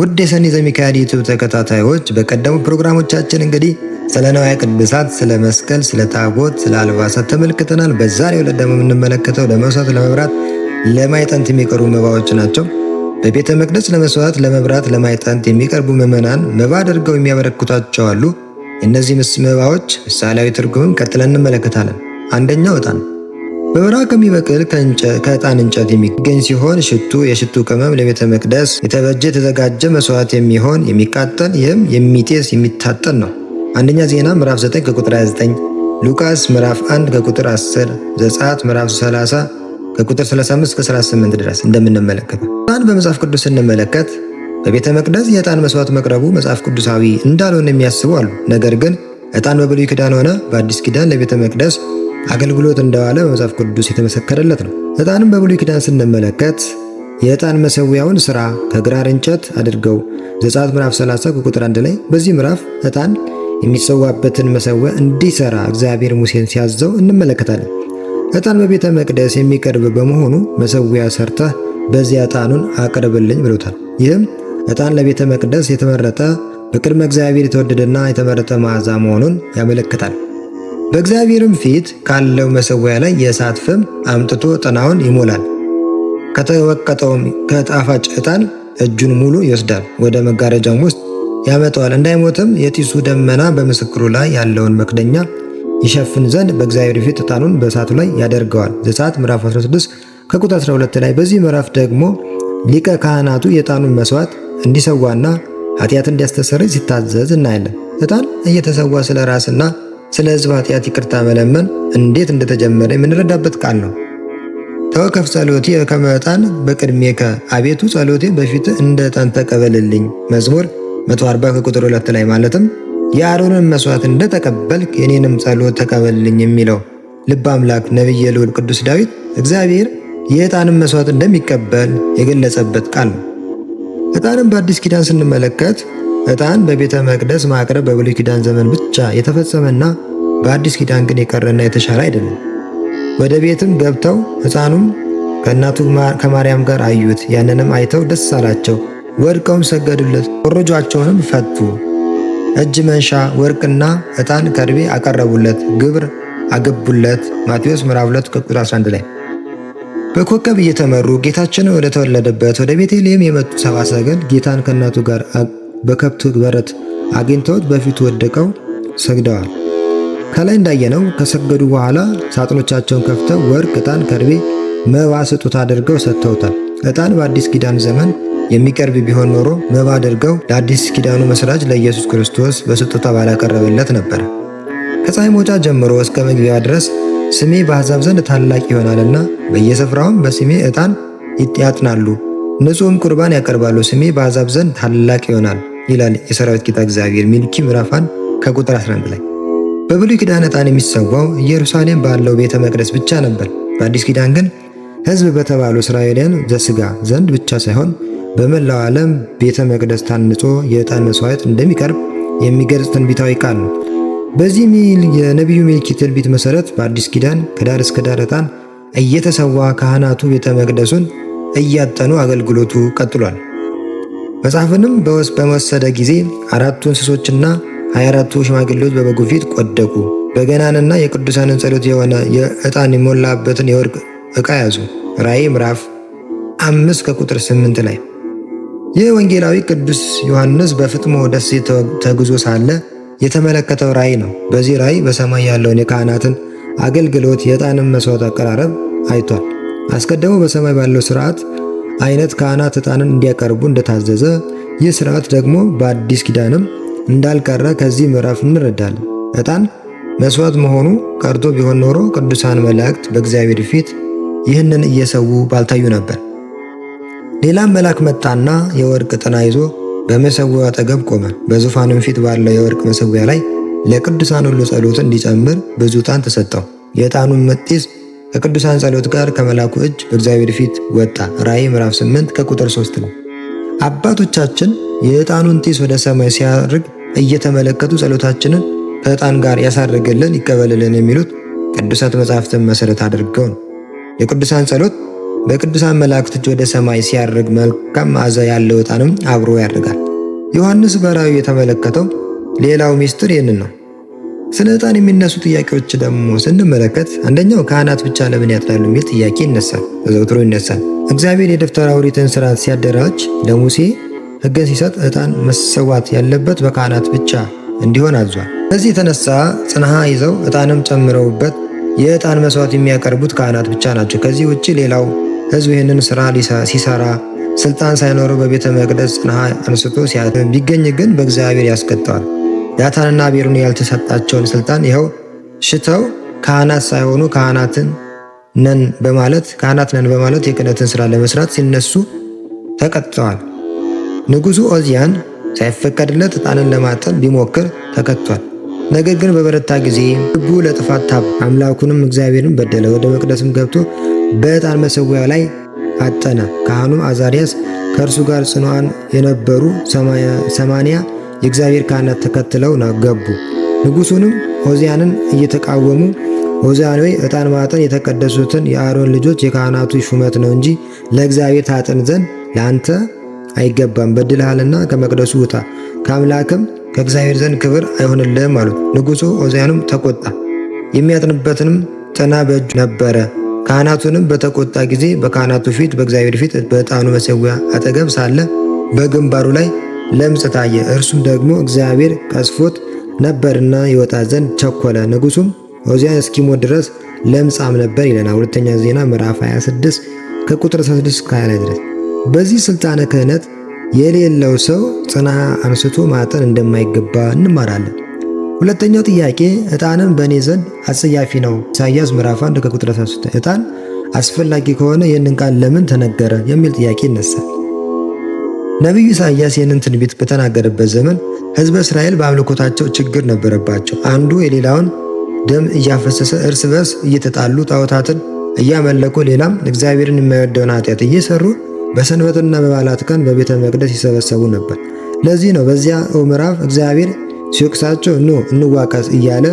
ውድ የሰኒ ዘሚካኤል ዩቱብ ተከታታዮች በቀደሙ ፕሮግራሞቻችን እንግዲህ ስለ ነዋያ ቅድሳት፣ ስለ መስቀል፣ ስለ ታቦት፣ ስለ አልባሳት ተመልክተናል። በዛሬው ዕለት ደግሞ የምንመለከተው ለመስዋዕት፣ ለመብራት፣ ለማይጠንት የሚቀርቡ መባዎች ናቸው። በቤተ መቅደስ ለመስዋዕት፣ ለመብራት፣ ለማይጠንት የሚቀርቡ ምዕመናን መባ አድርገው የሚያበረክቷቸው አሉ። እነዚህ መባዎች ምሳሌያዊ ትርጉምም ቀጥለን እንመለከታለን። አንደኛው ዕጣን በብራቅ የሚበቅል ከዕጣን እንጨት የሚገኝ ሲሆን ሽቱ የሽቱ ቅመም ለቤተ መቅደስ የተበጀ የተዘጋጀ መስዋዕት የሚሆን የሚቃጠል ይህም የሚጤስ የሚታጠን ነው። አንደኛ ዜና ምዕራፍ 9 ከቁጥር 29፣ ሉቃስ ምዕራፍ 1 ከቁጥር 10፣ ዘጸአት ምዕራፍ 30 ከቁጥር 35 እስከ 38 ድረስ እንደምንመለከት ዕጣን በመጽሐፍ ቅዱስ ስንመለከት በቤተ መቅደስ የዕጣን መስዋዕት መቅረቡ መጽሐፍ ቅዱሳዊ እንዳልሆነ የሚያስቡ አሉ። ነገር ግን ዕጣን በብሉይ ኪዳን ሆነ በአዲስ ኪዳን ለቤተ መቅደስ አገልግሎት እንደዋለ በመጽሐፍ ቅዱስ የተመሰከረለት ነው። ዕጣንም በብሉይ ኪዳን ስንመለከት የዕጣን መሰዊያውን ሥራ ከግራር እንጨት አድርገው ዘጸአት ምዕራፍ 30 ከቁጥር 1 ላይ በዚህ ምዕራፍ ዕጣን የሚሰዋበትን መሰዊያ እንዲሠራ እግዚአብሔር ሙሴን ሲያዘው እንመለከታለን። ዕጣን በቤተ መቅደስ የሚቀርብ በመሆኑ መሰዊያ ሰርተህ በዚያ ዕጣኑን አቅርብልኝ ብሎታል። ይህም ዕጣን ለቤተ መቅደስ የተመረጠ በቅድመ እግዚአብሔር የተወደደና የተመረጠ መዓዛ መሆኑን ያመለክታል። በእግዚአብሔርም ፊት ካለው መሠዊያ ላይ የእሳት ፍም አምጥቶ ጥናውን ይሞላል። ከተወቀጠውም ከጣፋጭ ዕጣን እጁን ሙሉ ይወስዳል፣ ወደ መጋረጃም ውስጥ ያመጣዋል። እንዳይሞትም የጢሱ ደመና በምስክሩ ላይ ያለውን መክደኛ ይሸፍን ዘንድ በእግዚአብሔር ፊት ዕጣኑን በእሳቱ ላይ ያደርገዋል። ዘጸአት ምዕራፍ 16 ከቁጥር 12 ላይ። በዚህ ምዕራፍ ደግሞ ሊቀ ካህናቱ የዕጣኑን መስዋዕት እንዲሰዋና ኃጢአት እንዲያስተሰርይ ሲታዘዝ እናያለን። ዕጣን እየተሰዋ ስለ ራስና ስለ ሕዝብ ኃጢአት ይቅርታ መለመን እንዴት እንደተጀመረ የምንረዳበት ቃል ነው። ተወከፍ ጸሎቴ ከመጣን በቅድሜ አቤቱ ጸሎቴ በፊት እንደ ጠን ተቀበልልኝ መዝሙር 140 ከቁጥር 2 ላይ ማለትም የአሮንን መስዋዕት እንደተቀበልክ የኔንም ጸሎት ተቀበልልኝ የሚለው ልብ አምላክ ነቢየ ልዑል ቅዱስ ዳዊት እግዚአብሔር የዕጣንን መስዋዕት እንደሚቀበል የገለጸበት ቃል ነው። ዕጣንን በአዲስ ኪዳን ስንመለከት ዕጣን በቤተ መቅደስ ማቅረብ በብሉይ ኪዳን ዘመን ብቻ የተፈጸመና በአዲስ ኪዳን ግን የቀረና የተሻለ አይደለም። ወደ ቤትም ገብተው ሕፃኑም ከእናቱ ከማርያም ጋር አዩት። ያንንም አይተው ደስ አላቸው። ወድቀውም ሰገዱለት፣ ኮረጇቸውንም ፈቱ። እጅ መንሻ ወርቅና ዕጣን ከርቤ አቀረቡለት፣ ግብር አገቡለት። ማቴዎስ ምዕራፍ 2 ቁጥር 11 ላይ በኮከብ እየተመሩ ጌታችንን ወደ ተወለደበት ወደ ቤተልሔም የመጡ ሰብአ ሰገል ጌታን ከእናቱ ጋር በከብት በረት አግኝተውት በፊቱ ወደቀው ሰግደዋል። ከላይ እንዳየነው ከሰገዱ በኋላ ሳጥኖቻቸውን ከፍተው ወርቅ፣ ዕጣን፣ ከርቤ፣ መባ ስጦታ አድርገው ሰጥተውታል። ዕጣን በአዲስ ኪዳን ዘመን የሚቀርብ ቢሆን ኖሮ መባ አድርገው ለአዲስ ኪዳኑ መስራች ለኢየሱስ ክርስቶስ በስጦታ ባላቀረበለት ነበር። ከፀሐይ መውጫ ጀምሮ እስከ መግቢያ ድረስ ስሜ በአሕዛብ ዘንድ ታላቅ ይሆናልና በየስፍራውም በስሜ ዕጣን ያጥናሉ፣ ንጹሕም ቁርባን ያቀርባሉ። ስሜ በአሕዛብ ዘንድ ታላቅ ይሆናል ይላል የሰራዊት ጌታ እግዚአብሔር ሚልኪ ምዕራፍ ከቁጥር 11 ላይ። በብሉይ ኪዳን ዕጣን የሚሰዋው ኢየሩሳሌም ባለው ቤተ መቅደስ ብቻ ነበር። በአዲስ ኪዳን ግን ሕዝብ በተባሉ እስራኤልያን ዘስጋ ዘንድ ብቻ ሳይሆን በመላው ዓለም ቤተ መቅደስ ታንጾ የዕጣን መሥዋዕት እንደሚቀርብ የሚገልጽ ትንቢታዊ ቃል ነው። በዚህ ሚል የነቢዩ ሚልኪ ትንቢት መሠረት በአዲስ ኪዳን ከዳር እስከ ዳር ዕጣን እየተሰዋ ካህናቱ ቤተ መቅደሱን እያጠኑ አገልግሎቱ ቀጥሏል። መጽሐፍንም በወሰደ ጊዜ አራቱ እንስሶችና ሀያ አራቱ ሽማግሌዎች በበጉ ፊት ቆደቁ። በገናንና የቅዱሳንን ጸሎት የሆነ የዕጣን የሞላበትን የወርቅ ዕቃ ያዙ። ራእይ ምዕራፍ አምስት ከቁጥር ስምንት ላይ ይህ ወንጌላዊ ቅዱስ ዮሐንስ በፍጥሞ ደሴት ተጉዞ ሳለ የተመለከተው ራእይ ነው። በዚህ ራእይ በሰማይ ያለውን የካህናትን አገልግሎት የዕጣንን መስዋዕት አቀራረብ አይቷል። አስቀድሞ በሰማይ ባለው ስርዓት አይነት ካህናት ዕጣንን እንዲያቀርቡ እንደታዘዘ ይህ ስርዓት ደግሞ በአዲስ ኪዳንም እንዳልቀረ ከዚህ ምዕራፍ እንረዳለን። ዕጣን መስዋዕት መሆኑ ቀርቶ ቢሆን ኖሮ ቅዱሳን መላእክት በእግዚአብሔር ፊት ይህንን እየሰዉ ባልታዩ ነበር። ሌላም መልአክ መጣና የወርቅ ጥና ይዞ በመሰዊያው አጠገብ ቆመ። በዙፋኑም ፊት ባለው የወርቅ መሰዊያ ላይ ለቅዱሳን ሁሉ ጸሎትን እንዲጨምር ብዙ ዕጣን ተሰጠው። የዕጣኑን መጤስ ከቅዱሳን ጸሎት ጋር ከመላኩ እጅ በእግዚአብሔር ፊት ወጣ። ራእይ ምዕራፍ 8 ከቁጥር 3 ነው። አባቶቻችን የዕጣኑን ጢስ ወደ ሰማይ ሲያርግ እየተመለከቱ ጸሎታችንን ከዕጣን ጋር ያሳረገልን ይቀበልልን የሚሉት ቅዱሳት መጻሕፍትን መሠረት አድርገው ነው። የቅዱሳን ጸሎት በቅዱሳን መላእክት እጅ ወደ ሰማይ ሲያርግ መልካም መዓዛ ያለው ዕጣንም አብሮ ያርጋል። ዮሐንስ በራእዩ የተመለከተው ሌላው ምስጢር ይህንን ነው። ስለ ዕጣን የሚነሱ ጥያቄዎች ደግሞ ስንመለከት አንደኛው ካህናት ብቻ ለምን ያጥናሉ የሚል ጥያቄ ይነሳል፣ ተዘውትሮ ይነሳል። እግዚአብሔር የደብተራ ኦሪትን ስርዓት ሲያደራጅ ለሙሴ ሕግን ሲሰጥ ዕጣን መሰዋት ያለበት በካህናት ብቻ እንዲሆን አዟል። ከዚህ የተነሳ ጽንሃ ይዘው ዕጣንም ጨምረውበት የዕጣን መስዋዕት የሚያቀርቡት ካህናት ብቻ ናቸው። ከዚህ ውጭ ሌላው ሕዝብ ይህንን ስራ ሲሰራ ስልጣን ሳይኖረው በቤተ መቅደስ ጽንሃ አንስቶ ቢገኝ ግን በእግዚአብሔር ያስቀጣዋል። ያታንና አቤሮን ያልተሰጣቸውን ስልጣን ይኸው ሽተው ካህናት ሳይሆኑ ካህናትን ነን በማለት ካህናት ነን በማለት የክህነትን ስራ ለመስራት ሲነሱ ተቀጥተዋል። ንጉሱ ኦዚያን ሳይፈቀድለት ዕጣንን ለማጠን ቢሞክር ተከቷል። ነገር ግን በበረታ ጊዜ ልቡ ለጥፋት ታብ አምላኩንም እግዚአብሔርን በደለ። ወደ መቅደስም ገብቶ በዕጣን መሰዊያ ላይ አጠነ። ካህኑም አዛርያስ ከእርሱ ጋር ጽኑዓን የነበሩ ሰማንያ የእግዚአብሔር ካህናት ተከትለው ገቡ። ንጉሡንም ሆዚያንን እየተቃወሙ ሆዚያን ሆይ ዕጣን ማጠን የተቀደሱትን የአሮን ልጆች የካህናቱ ሹመት ነው እንጂ ለእግዚአብሔር ታጥን ዘንድ ለአንተ አይገባም፣ በድልሃልና ከመቅደሱ ውጣ፣ ከአምላክም ከእግዚአብሔር ዘንድ ክብር አይሆንልህም አሉት። ንጉሡ ሆዚያንም ተቆጣ። የሚያጥንበትንም ጥና በእጁ ነበረ። ካህናቱንም በተቆጣ ጊዜ በካህናቱ ፊት በእግዚአብሔር ፊት በዕጣኑ መሠዊያ አጠገብ ሳለ በግንባሩ ላይ ለምጽ ታየ። እርሱም ደግሞ እግዚአብሔር ቀስፎት ነበርና ይወጣ ዘንድ ቸኮለ። ንጉሱም ዖዝያን እስኪሞት ድረስ ለምጻም ነበር ይለናል። ሁለተኛ ዜና ምዕራፍ 26 ከቁጥር 16 እስከ 20 ድረስ። በዚህ ስልጣነ ክህነት የሌለው ሰው ጽና አንስቶ ማጠን እንደማይገባ እንማራለን። ሁለተኛው ጥያቄ ዕጣንም በእኔ ዘንድ አጸያፊ ነው። ኢሳይያስ ምዕራፍ 1 ከቁጥር 16 ዕጣን አስፈላጊ ከሆነ ይህንን ቃል ለምን ተነገረ የሚል ጥያቄ ይነሳል። ነቢዩ ኢሳያስ ይህንን ትንቢት በተናገረበት ዘመን ሕዝበ እስራኤል በአምልኮታቸው ችግር ነበረባቸው። አንዱ የሌላውን ደም እያፈሰሰ እርስ በርስ እየተጣሉ ጣዖታትን እያመለኩ፣ ሌላም እግዚአብሔርን የማይወደውን ኃጢአት እየሰሩ በሰንበትና በበዓላት ቀን በቤተ መቅደስ ይሰበሰቡ ነበር። ለዚህ ነው በዚያ ምዕራፍ እግዚአብሔር ሲወቅሳቸው ኑ እንዋቀስ እያለ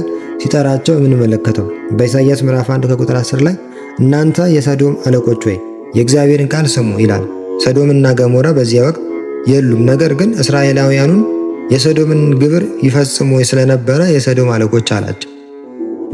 ሲጠራቸው የምንመለከተው። በኢሳያስ ምዕራፍ 1 ከቁጥር 10 ላይ እናንተ የሰዶም አለቆች ወይ የእግዚአብሔርን ቃል ስሙ ይላል። ሰዶምና ገሞራ በዚያ ወቅት የሉም። ነገር ግን እስራኤላውያኑን የሰዶምን ግብር ይፈጽሙ ስለነበረ የሰዶም አለቆች አላቸው።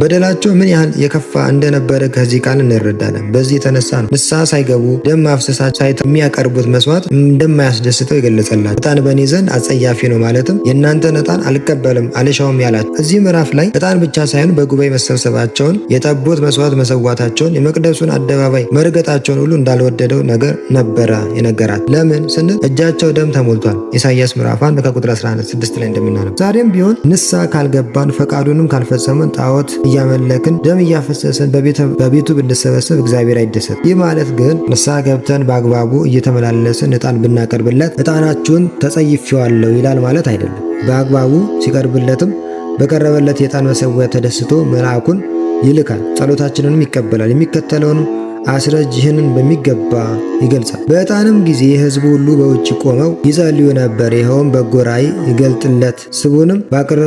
በደላቸው ምን ያህል የከፋ እንደነበረ ከዚህ ቃል እንረዳለን። በዚህ የተነሳ ነው ንስሐ ሳይገቡ ደም ማፍሰሳ ሳይ የሚያቀርቡት መስዋዕት እንደማያስደስተው የገለጸላቸው። ዕጣን በእኔ ዘንድ አጸያፊ ነው ማለትም የእናንተን ዕጣን አልቀበልም አልሻውም ያላቸው። እዚህ ምዕራፍ ላይ ዕጣን ብቻ ሳይሆን በጉባኤ መሰብሰባቸውን፣ የጠቦት መስዋዕት መሰዋታቸውን፣ የመቅደሱን አደባባይ መርገጣቸውን ሁሉ እንዳልወደደው ነገር ነበረ የነገራት። ለምን ስንል እጃቸው ደም ተሞልቷል። ኢሳያስ ምዕራፍ 1 ከቁጥር 11 6 ላይ እንደሚናነው ዛሬም ቢሆን ንስሐ ካልገባን ፈቃዱንም ካልፈጸመን ጣዖት እያመለክን ደም እያፈሰሰን በቤቱ ብንሰበሰብ እግዚአብሔር አይደሰት። ይህ ማለት ግን ንስሐ ገብተን በአግባቡ እየተመላለስን እጣን ብናቀርብለት እጣናችሁን ተጸይፌዋለሁ ይላል ማለት አይደለም። በአግባቡ ሲቀርብለትም በቀረበለት የጣን መሰዊያ ተደስቶ መልአኩን ይልካል፣ ጸሎታችንንም ይቀበላል። የሚከተለውንም አስረጅ ይህንን በሚገባ ይገልጻል። በዕጣንም ጊዜ ሕዝቡ ሁሉ በውጭ ቆመው ይጸልዩ ነበር። ይኸውም በጎ ራእይ ይገልጥለት ስቡንም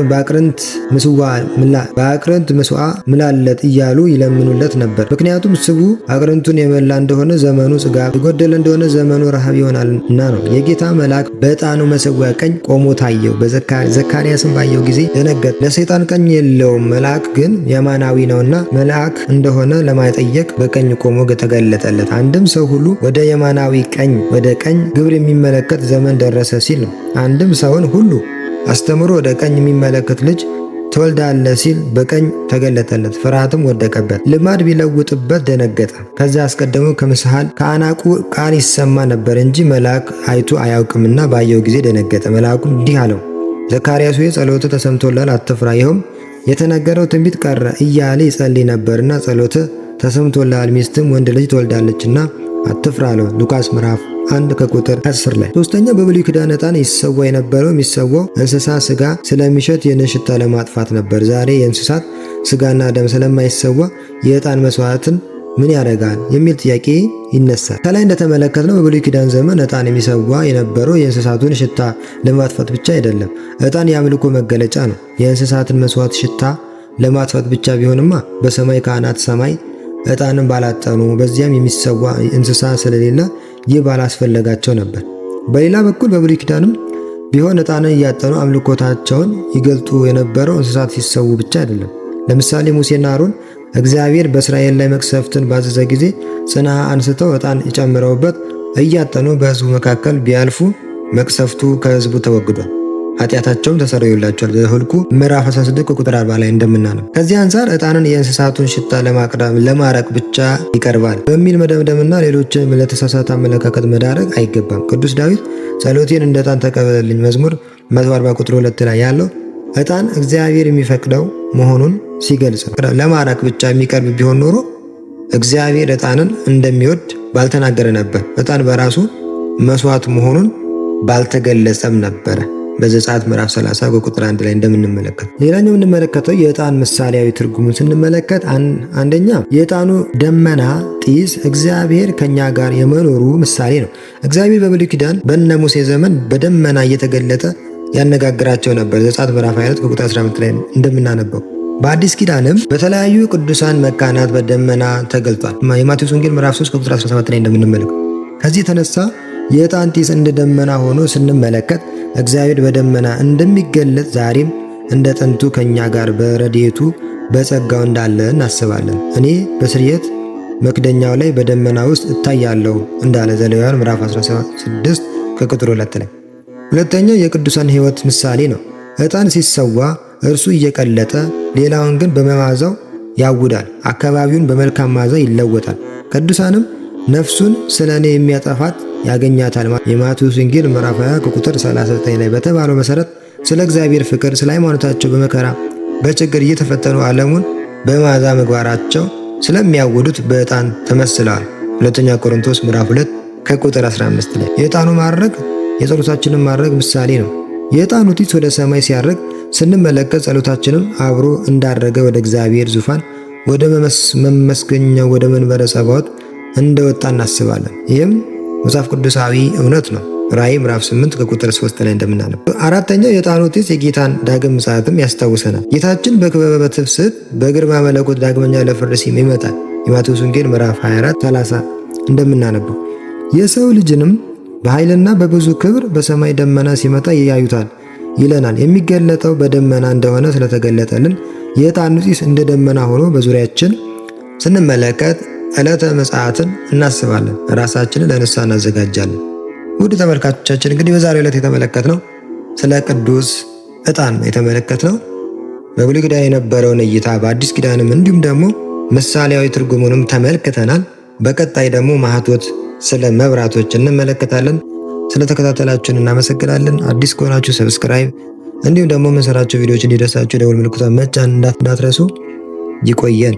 በአቅርንት ምስዋ ምላ በአቅርንት ምስዋ ምላለት እያሉ ይለምኑለት ነበር። ምክንያቱም ስቡ አቅርንቱን የመላ እንደሆነ ዘመኑ ጽጋብ የጎደለ እንደሆነ ዘመኑ ረሃብ ይሆናልና ነው። የጌታ መልአክ በዕጣኑ መሰዊያ ቀኝ ቆሞ ታየው። ዘካርያስን ባየው ጊዜ ደነገጠ። ለሰይጣን ቀኝ የለውም፣ መልአክ ግን የማናዊ ነውና መልአክ እንደሆነ ለማጠየቅ በቀኝ ቆሞ ተገለጠለት። አንድም ሰው ሁሉ ወደ የማናዊ ቀኝ ወደ ቀኝ ግብር የሚመለከት ዘመን ደረሰ ሲል ነው። አንድም ሰውን ሁሉ አስተምሮ ወደ ቀኝ የሚመለከት ልጅ ትወልዳለ ሲል በቀኝ ተገለጠለት። ፍርሃትም ወደቀበት። ልማድ ቢለውጥበት ደነገጠ። ከዚያ አስቀድሞ ከምስሃል ከአናቁ ቃል ይሰማ ነበር እንጂ መልአክ አይቶ አያውቅምና ባየው ጊዜ ደነገጠ። መልአኩ እንዲህ አለው፣ ዘካርያስ ሆይ ጸሎት ተሰምቶላል፣ አትፍራ። ይኸውም የተነገረው ትንቢት ቀረ እያለ ይጸልይ ነበርና ጸሎት ተሰምቶልሃል፣ ሚስትም ወንድ ልጅ ትወልዳለችና አትፍራ አለው። ሉቃስ ምዕራፍ አንድ ከቁጥር 10 ላይ። ሶስተኛው በብሉይ ኪዳን ዕጣን ይሰዋ የነበረው የሚሰዋው እንስሳ ስጋ ስለሚሸት ይህንን ሽታ ለማጥፋት ነበር። ዛሬ የእንስሳት ስጋና ደም ስለማይሰዋ የዕጣን መስዋዕትን ምን ያደርጋል የሚል ጥያቄ ይነሳል። ከላይ እንደተመለከትነው በብሉይ ኪዳን ዘመን ዕጣን የሚሰዋ የነበረው የእንስሳቱን ሽታ ለማጥፋት ብቻ አይደለም። ዕጣን የአምልኮ መገለጫ ነው። የእንስሳትን መስዋዕት ሽታ ለማጥፋት ብቻ ቢሆንማ በሰማይ ካህናት ሰማይ ዕጣንም ባላጠኑ በዚያም የሚሰዋ እንስሳ ስለሌለ ይህ ባላስፈለጋቸው ነበር። በሌላ በኩል በብሉይ ኪዳንም ቢሆን ዕጣንን እያጠኑ አምልኮታቸውን ይገልጡ የነበረው እንስሳት ሲሰዉ ብቻ አይደለም። ለምሳሌ ሙሴና አሮን እግዚአብሔር በእስራኤል ላይ መቅሰፍትን ባዘዘ ጊዜ ጽንሐ አንስተው ዕጣን የጨምረውበት እያጠኑ በሕዝቡ መካከል ቢያልፉ መቅሰፍቱ ከሕዝቡ ተወግዷል። ኃጢአታቸውም ተሰርዮላቸዋል። ዘኍልቍ ምዕራፍ 16 ቁጥር 40 ላይ እንደምናነው ከዚህ አንጻር ዕጣንን የእንስሳቱን ሽታ ለማቅዳም ለማረቅ ብቻ ይቀርባል በሚል መደምደምና ሌሎችን ለተሳሳተ አመለካከት መዳረግ አይገባም። ቅዱስ ዳዊት ጸሎቴን እንደ ዕጣን ተቀበልልኝ መዝሙር 140 ቁጥር 2 ላይ ያለው ዕጣን እግዚአብሔር የሚፈቅደው መሆኑን ሲገልጽ ነው። ለማራቅ ብቻ የሚቀርብ ቢሆን ኖሮ እግዚአብሔር ዕጣንን እንደሚወድ ባልተናገረ ነበር። ዕጣን በራሱ መስዋዕት መሆኑን ባልተገለጸም ነበረ። በዘጸአት ምዕራፍ 30 በቁጥር 1 ላይ እንደምንመለከት ሌላኛው የምንመለከተው የዕጣን ምሳሌያዊ ትርጉሙን ስንመለከት አንደኛ የዕጣኑ ደመና ጢስ እግዚአብሔር ከኛ ጋር የመኖሩ ምሳሌ ነው። እግዚአብሔር በብሉይ ኪዳን በነ ሙሴ ዘመን በደመና እየተገለጠ ያነጋግራቸው ነበር። ዘጸአት ምዕራፍ 2 ከቁጥር 15 ላይ እንደምናነበው በአዲስ ኪዳንም በተለያዩ ቅዱሳን መካናት በደመና ተገልጧል። የማቴዎስ ወንጌል ምዕራፍ 3 ከቁጥር 17 ላይ እንደምንመለከት ከዚህ የተነሳ የዕጣን ጢስ እንደ ደመና ሆኖ ስንመለከት እግዚአብሔር በደመና እንደሚገለጽ ዛሬም እንደ ጥንቱ ከእኛ ጋር በረድኤቱ በጸጋው እንዳለ እናስባለን። እኔ በስርየት መክደኛው ላይ በደመና ውስጥ እታያለሁ እንዳለ ዘሌዋውያን ምዕራፍ 16 ከቁጥር 2 ላይ። ሁለተኛው የቅዱሳን ሕይወት ምሳሌ ነው። ዕጣን ሲሰዋ እርሱ እየቀለጠ ሌላውን ግን በመዓዛው ያውዳል። አካባቢውን በመልካም መዓዛ ይለወጣል። ቅዱሳንም ነፍሱን ስለ እኔ የሚያጠፋት ያገኛታል። የማቴዎስ ወንጌል ምዕራፍ 20 ከቁጥር 39 ላይ በተባለው መሰረት ስለ እግዚአብሔር ፍቅር፣ ስለ ሃይማኖታቸው በመከራ በችግር እየተፈተኑ ዓለሙን በመዓዛ ምግባራቸው ስለሚያወዱት በዕጣን ተመስለዋል። ሁለተኛ ቆሮንቶስ ምዕራፍ 2 ከቁጥር 15 ላይ የዕጣኑ ማድረግ የጸሎታችንን ማድረግ ምሳሌ ነው። የዕጣኑ ጢስ ወደ ሰማይ ሲያርግ ስንመለከት ጸሎታችንም አብሮ እንዳረገ ወደ እግዚአብሔር ዙፋን ወደ መመስገኛው ወደ መንበረ ጸባዖት እንደወጣ እናስባለን። ይህም መጽሐፍ ቅዱሳዊ እውነት ነው። ራእይ ምዕራፍ 8 ከቁጥር 3 ላይ እንደምናነብ። አራተኛው የጣኑ ጢስ የጌታን ዳግም ምጽአትም ያስታውሰናል። ጌታችን በክበበ በትስብእት በግርማ መለኮት ዳግመኛ ለፍርድ ሲም ይመጣል። የማቴዎስ ወንጌል ምዕራፍ 24 30 እንደምናነበው የሰው ልጅንም በኃይልና በብዙ ክብር በሰማይ ደመና ሲመጣ ያዩታል ይለናል። የሚገለጠው በደመና እንደሆነ ስለተገለጠልን የዕጣኑ ጢስ እንደ ደመና ሆኖ በዙሪያችን ስንመለከት ዕለተ ምጽአትን እናስባለን፣ ራሳችንን ለንስሐ እናዘጋጃለን። ውድ ተመልካቾቻችን እንግዲህ በዛሬው ዕለት የተመለከትነው ስለ ቅዱስ ዕጣን የተመለከትነው በብሉይ ኪዳን የነበረውን እይታ በአዲስ ኪዳንም እንዲሁም ደግሞ ምሳሌያዊ ትርጉሙንም ተመልክተናል። በቀጣይ ደግሞ ማህቶት ስለ መብራቶች እንመለከታለን። ስለተከታተላችሁን እናመሰግናለን። አዲስ ከሆናችሁ ሰብስክራይብ፣ እንዲሁም ደግሞ የምንሰራቸው ቪዲዮዎች እንዲደርሳችሁ ደውል ምልክቷን መጫን እንዳትረሱ። ይቆየን።